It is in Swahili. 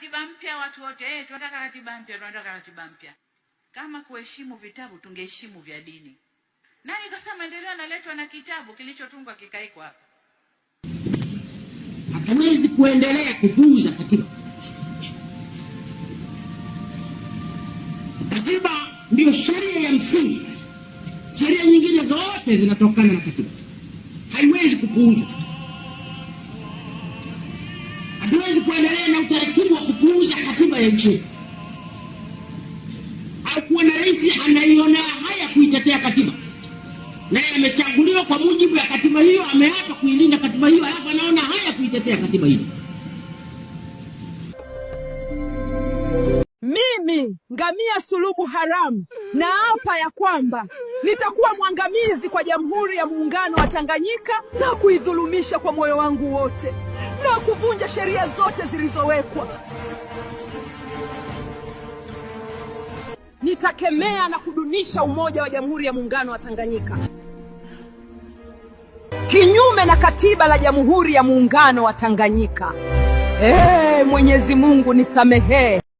katiba mpya, watu wote eh, tunataka katiba mpya, tunataka katiba mpya. Kama kuheshimu vitabu, tungeheshimu vya dini. Nani kasema maendeleo analetwa na kitabu kilichotungwa kikaekwa hapa? Hatuwezi kuendelea kupuuza katiba. Katiba ndiyo sheria ya msingi, sheria nyingine zote zinatokana na katiba, haiwezi kupuuzwa hatuwezi kuendelea na utaratibu wa kupuuza katiba ya nchi au kuona rais anaionea haya kuitetea katiba, naye amechaguliwa kwa mujibu ya katiba hiyo, ameapa kuilinda katiba hiyo, alafu anaona haya kuitetea katiba hiyo. Mimi Ngamia Sulubu Haramu hapa ya kwamba nitakuwa mwangamizi kwa Jamhuri ya Muungano wa Tanganyika na kuidhulumisha kwa moyo wangu wote na kuvu sheria zote zilizowekwa. Nitakemea na kudunisha umoja wa Jamhuri ya Muungano wa Tanganyika kinyume na katiba la Jamhuri ya Muungano wa Tanganyika. Ee, Mwenyezi Mungu nisamehee.